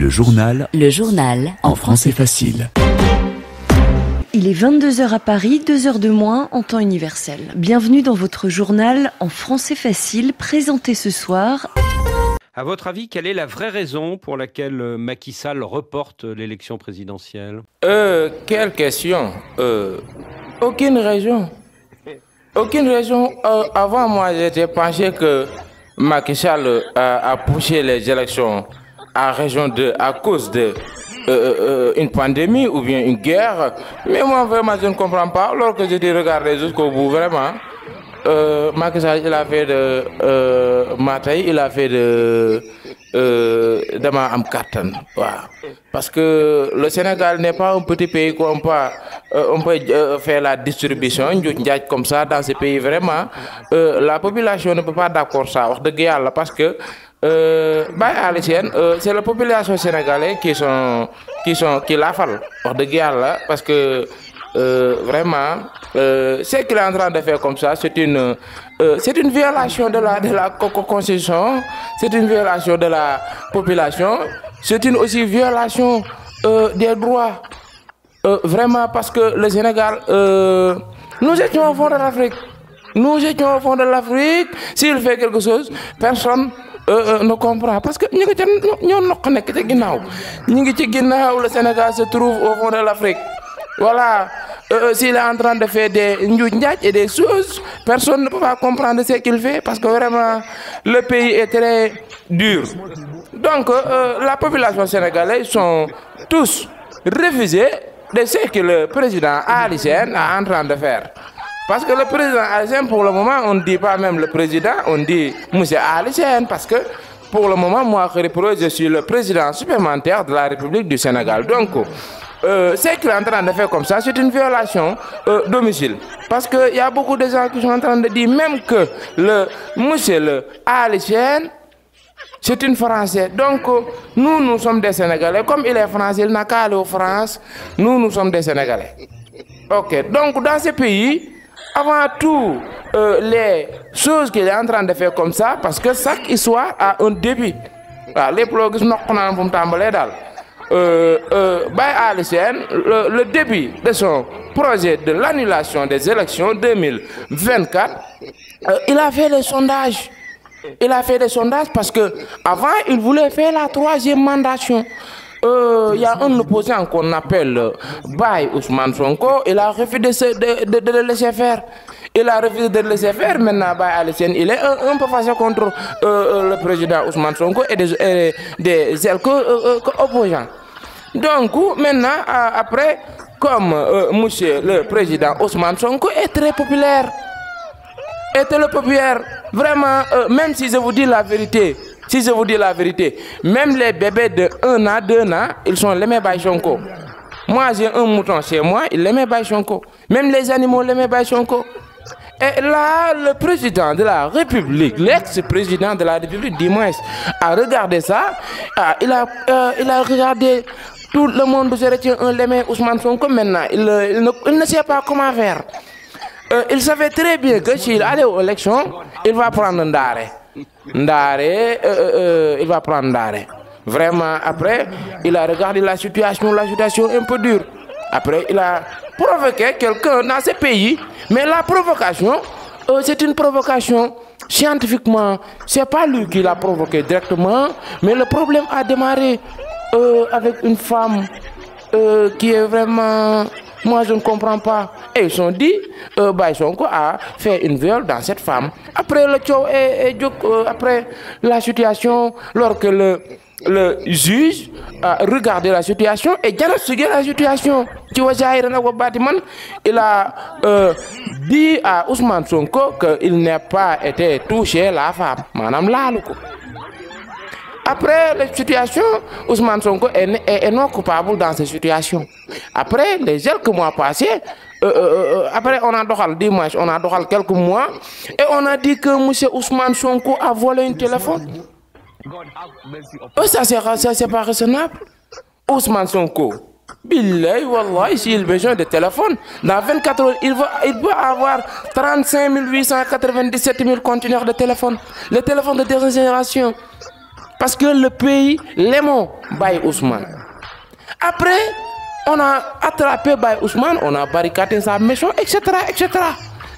Le journal. Le journal. En français facile. Il est 22h à Paris, 2h de moins en temps universel. Bienvenue dans votre journal en français facile, présenté ce soir. À votre avis, quelle est la vraie raison pour laquelle euh, Macky Sall reporte euh, l'élection présidentielle Euh, quelle question euh, aucune raison. Aucune raison. avant moi, j'étais pensé que Macky Sall a, a poussé les élections à raison de, à cause de euh, euh, euh, une pandémie ou bien une guerre. Mais moi, vraiment, je ne comprends pas. Lorsque que dit regardez jusqu'au bout, vraiment. Euh, il a fait de euh, il a fait de Euh, dama am kàttan waaw parce que le Sénégal n'est pas un petit pays qu'on peut euh, on peut euh, faire la distribution njuuj njaaj comme ça dans ce pays vraiment la population ne peut pas d'accord ça wax dëgg yàlla parce que Baye Aly Sène c'est la population sénégalaise qui sont qui sont qui la fal wax dëgg yàlla parce que Euh, vraiment, euh, ce qu'il est en train de faire comme ça, c'est une, euh, c'est une violation de la, de la concession, c'est une violation de la population, c'est une aussi violation euh, des droits. vraiment, parce que le Sénégal, nous étions au fond de l'Afrique. Nous étions au fond de l'Afrique. S'il fait quelque chose, personne ne comprend. Parce que nous le Sénégal se trouve au fond de l'Afrique. Voilà. Euh, s'il est en train de faire des et des choses, personne ne peut comprendre ce qu'il fait parce que vraiment le pays est très dur. Donc euh, la population sénégalaise sont tous refusés de ce que le président Alicen est en train de faire. Parce que le président Alicen, pour le moment, on ne dit pas même le président, on dit Monsieur Alicen parce que pour le moment, moi, je suis le président supplémentaire de la République du Sénégal. Donc, ce qu'il est en train de faire comme ça, c'est une violation euh, domicile. Parce qu'il y a beaucoup de gens qui sont en train de dire même que le monsieur le c'est une Française. Donc, nous, nous sommes des Sénégalais. Comme il est Français, il n'a qu'à aller en France. Nous, nous sommes des Sénégalais. Ok. Donc, dans ces pays, avant tout, euh, les choses qu'il est en train de faire comme ça, parce que chaque histoire a un début. Les blogs, nous avons euh, euh, le, le, début de son projet de l'annulation des élections 2024, euh, il a fait des sondages. Il a fait des sondages parce que avant il voulait faire la troisième mandation. Euh, il y a un opposant qu'on appelle Baye Ousmane Sonko, il a refusé de le laisser faire. Il a refusé de laisser faire. Maintenant, à il est un, peu fâché contre euh, euh, le président Ousmane Sonko et des, euh, opposants. Donc, maintenant, après, comme monsieur le président Ousmane Sonko est très populaire, est très populaire, vraiment, même si je vous dis la vérité, si je vous dis la vérité, même les bébés de 1 an, 2 ans, ils sont les par Sonko. Moi, j'ai un mouton chez moi, il l'aimait par Sonko. Même les animaux l'aimaient par Sonko. Et là, le président de la République, l'ex-président de la République, Dimanche, a regardé ça. Ah, il, a, euh, il a regardé tout le monde se retient un les mains Ousmane Sonko maintenant. Euh, il, ne, sait pas comment faire. Euh, il savait très bien que s'il allait aux élections, il va prendre Ndare. Un euh, il va prendre Ndare. Vraiment, après, il a regardé la situation, la situation un peu dure. Après, il a provoquer quelqu'un dans ce pays. Mais la provocation, euh, c'est une provocation scientifiquement. C'est pas lui qui l'a provoqué directement, mais le problème a démarré euh, avec une femme euh, qui est vraiment. Moi, je ne comprends pas. Et ils sont dit, euh, a bah, fait une viol dans cette femme. Après le show et, après la situation, lorsque le le juge a regardé la situation et la situation. il a euh, dit à Ousmane Sonko qu'il n'a pas été touché la femme. Madame Après la situation, Ousmane Sonko est, est, non coupable dans cette situation. Après les quelques mois passés, euh, euh, après on a dormi dimanche, on a quelques mois, et on a dit que M. Ousmane Sonko a volé un téléphone. Oh, ça c'est pas raisonnable. Ousmane Sonko. Billahi, wallahi, s'il besoin de téléphone, dans 24 heures, il va, il avoir 35 897 000 conteneurs de téléphone. Le téléphone de deuxième génération. Parce que le pays, l'aimant Baye Ousmane. Après, on a attrapé Baye Ousmane, on a barricadé sa maison, etc. etc.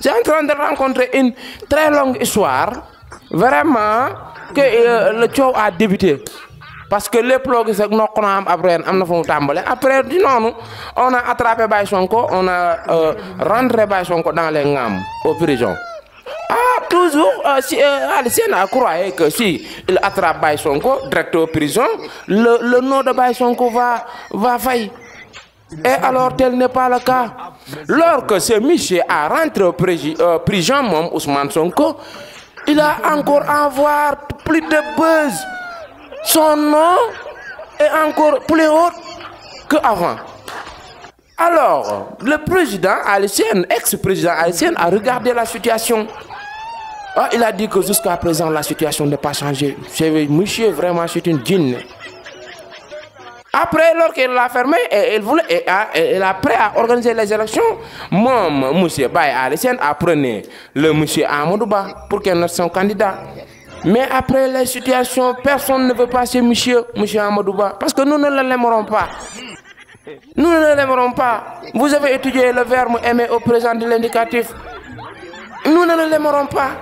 J'ai en train de rencontrer une très longue histoire. Vraiment, que euh, le tchou a débuté parce que les loo c'est que nous am après on a attrapé Baï on a euh, rentré Baï dans les ngam aux prisons ah toujours euh, si a croyé que si il attrape Baï Sonko direct aux prisons le nom de Baï va va faillir Et alors tel n'est pas le cas. Lorsque ce monsieur a rentré au prison, euh, Ousmane Sonko, il a encore à voir plus de buzz. Son nom est encore plus haut qu'avant. Alors, le président haïtien, ex-président haïtien, a regardé la situation. Ah, il a dit que jusqu'à présent, la situation n'est pas changée. Monsieur, vraiment, c'est une dîne. Après, lorsqu'il l'a fermé, et, il voulait, et, après à organiser les élections, mon monsieur Baye Alessène a pris le monsieur Amadouba pour qu'il soit candidat. Mais après la situation, personne ne veut passer monsieur, monsieur Amadouba, parce que nous ne l'aimerons pas. Nous ne l'aimerons pas. Vous avez étudié le verbe aimer au présent de l'indicatif. Nous ne l'aimerons pas.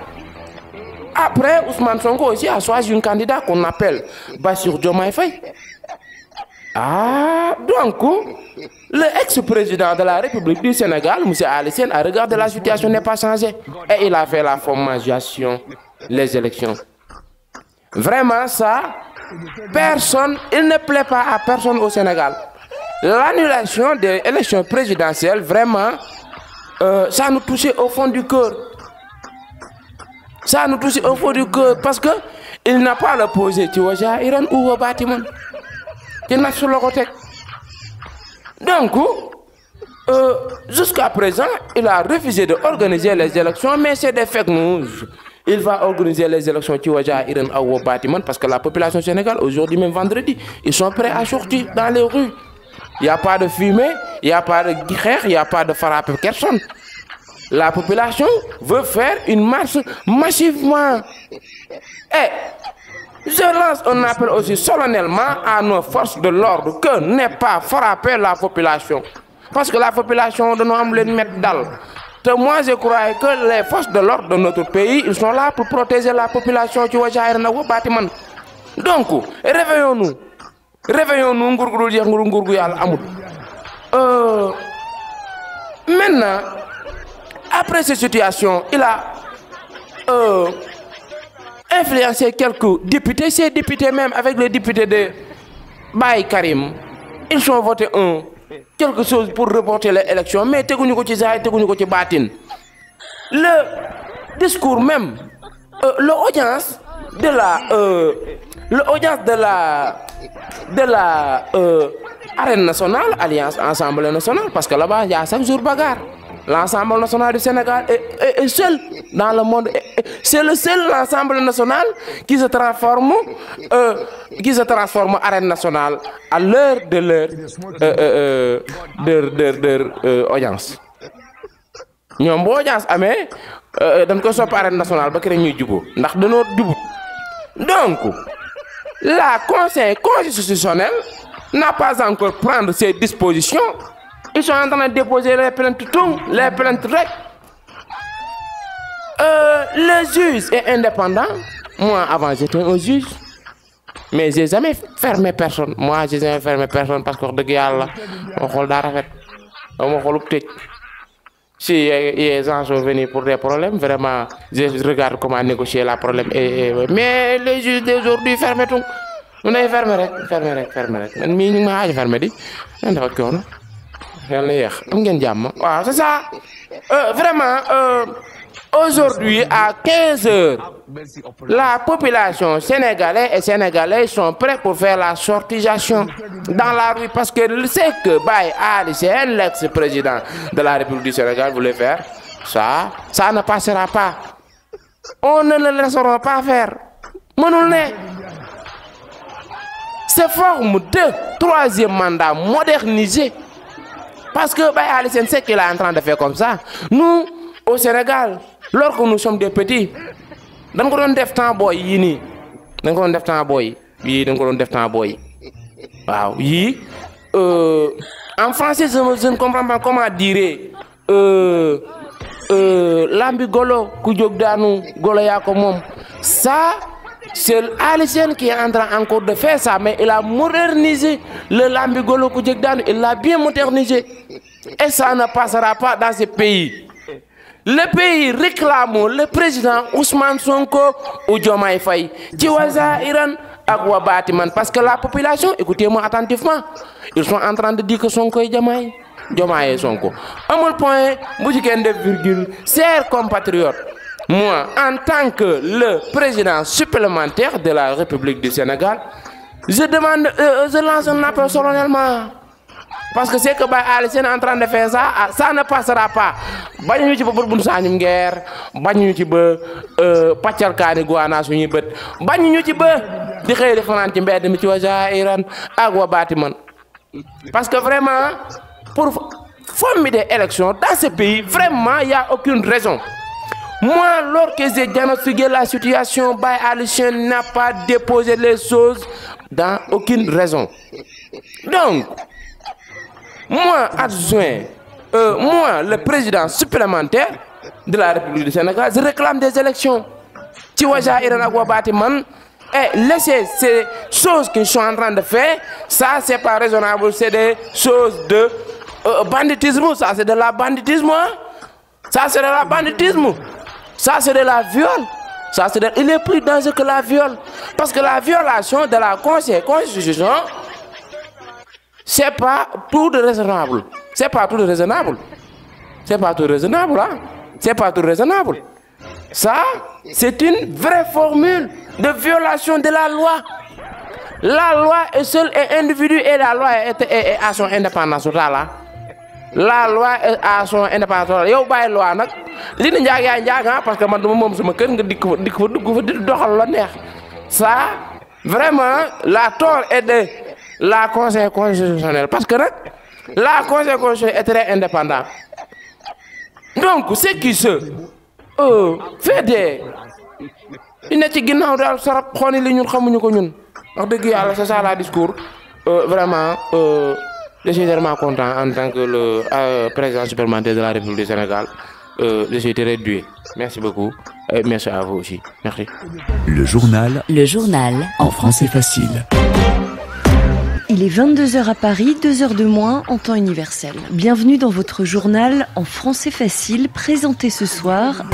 Après, Ousmane Sonko aussi a choisi un candidat qu'on appelle Bassir Diomaye ah, donc, le ex-président de la République du Sénégal, M. Alessène, a regardé la situation n'est pas changé. Et il a fait la formation, les élections. Vraiment, ça, personne, il ne plaît pas à personne au Sénégal. L'annulation des élections présidentielles, vraiment, euh, ça nous touchait au fond du cœur. Ça nous touchait au fond du cœur parce que il n'a pas le posé, tu vois, Iran ou au bâtiment. Qui n'a sur donc euh, jusqu'à présent il a refusé d'organiser les élections mais c'est des fake news il va organiser les élections ci Waja Awo Batiman parce que la population sénégalaise aujourd'hui même vendredi ils sont prêts à sortir dans les rues il n'y a pas de fumée il n'y a pas de guerre, il n'y a pas de frappe personne la population veut faire une marche massivement Eh je lance un appel aussi solennellement à nos forces de l'ordre que n'est pas frapper la population. Parce que la population de nous les mettre dalle. Moi, je crois que les forces de l'ordre de notre pays, ils sont là pour protéger la population. bâtiment. Donc, réveillons-nous. Réveillons-nous. Euh, maintenant, après cette situation, il a euh, influencer quelques députés, ces députés même avec les députés de Baye Karim, ils ont voté un quelque chose pour reporter l'élection, mais le discours même, euh, l'audience de la, euh, l'audience de la, de la euh, arène nationale, alliance ensemble nationale, parce que là-bas il y a chaque jour bagarre l'ensemble national du Sénégal est, est, seul dans le monde. C'est le seul ensemble national qui se transforme, euh, qui se transforme en arène nationale à l'heure de leur euh, euh, euh, euh audience. une bonne audience ne dañ pas en arène nationale ba kere ñuy juboo ndax donc la conseil constitutionnel n'a pas encore prendre ses dispositions ils sont en train de déposer les plaintes tout, les plaintes rec. Euh, le juge est indépendant. Moi, avant, j'étais un juge. Mais j'ai jamais fermé personne. Moi, j'ai jamais fermé personne parce que, de Allah, on rôle d'arrêt. On rôle peut Si les gens sont venus pour des problèmes, vraiment, je regarde comment négocier les problème. mais le juge d'aujourd'hui ferme tout. On est fermé, fermé, fermé. Mais a fermé. Je fermé c'est ça euh, vraiment euh, aujourd'hui à 15 h la population sénégalaise et sénégalais sont prêts pour faire la sortisation dans la rue parce que c'est que Baye Ali l'ex-président de la République du Sénégal voulait faire ça ça ne passera pas on ne le laissera pas faire c'est forme de troisième mandat modernisé parce que bah, sait qu'il est en train de faire comme ça. Nous, au Sénégal, lorsque nous sommes des petits, nous avons def temps boy yini. Nous avons def temps boy. Oui, nous avons temps boy. Wow, oui. Euh, en français, je, ne comprends pas comment dire. Euh, euh, Ça, c'est Alicien qui est en train encore de faire ça, mais il a modernisé le lambigolo Koudjekdan, il l'a bien modernisé. Et ça ne passera pas dans ce pays. Le pays réclame le président Ousmane Sonko ou Diomaye Iran Agwa Batiman. Parce que la population, écoutez-moi attentivement, ils sont en train de dire que Sonko est Diomaye. Diomaye est Sonko. Un point, vous virgule, chers compatriotes moi, en tant que le président supplémentaire de la République du Sénégal, je demande, euh, euh, je lance un appel solennellement. Parce que c'est que Baye Alessène est en train de faire ça, ah, ça ne passera pas. bañuñu ci ba bët bu nu saañum ngeer bañuñu ci ba euh, pàccalkaani guwaanaa suñuy bët bañuñu ci be di xëy di fanaan ci mbedd mi ci wa jairan ak wa batiman parce que vraiment pour former des élections dans ce pays vraiment il y a aucune raison moi, lorsque j'ai diagnostiqué la situation, Baye n'a pas déposé les choses dans aucune raison. Donc, moi, adjoint, euh, moi, le président supplémentaire de la République du Sénégal, je réclame des élections. Tiwaja Batiman, et eh, laisser ces choses qu'ils sont en train de faire, ça, c'est pas raisonnable, c'est des choses de euh, banditisme, ça, c'est de la banditisme, hein. ça, c'est de la banditisme. Ça, c'est de la viol. Ça, Il est plus dangereux que la viol. Parce que la violation de la constitution, c'est pas tout de raisonnable. C'est pas tout de raisonnable. C'est pas tout raisonnable, hein? C'est pas tout raisonnable. Ça, c'est une vraie formule de violation de la loi. La loi est seule et individu et la loi est, à son indépendance voilà la loi a son indépendance loi ah, parce que ça vraiment la tort est de la conseil constitutionnel parce que la conseil est très indépendant donc ce qui se euh, fait, ci li ñun xamuñu ko ñun wax c'est ça discours euh, vraiment. Euh, je suis vraiment content en tant que le euh, président supplémentaire de la République du Sénégal. Euh, je suis très Merci beaucoup. Et merci à vous aussi. Merci. Le journal. Le journal. En français facile. Il est 22h à Paris, 2h de moins en temps universel. Bienvenue dans votre journal en français facile présenté ce soir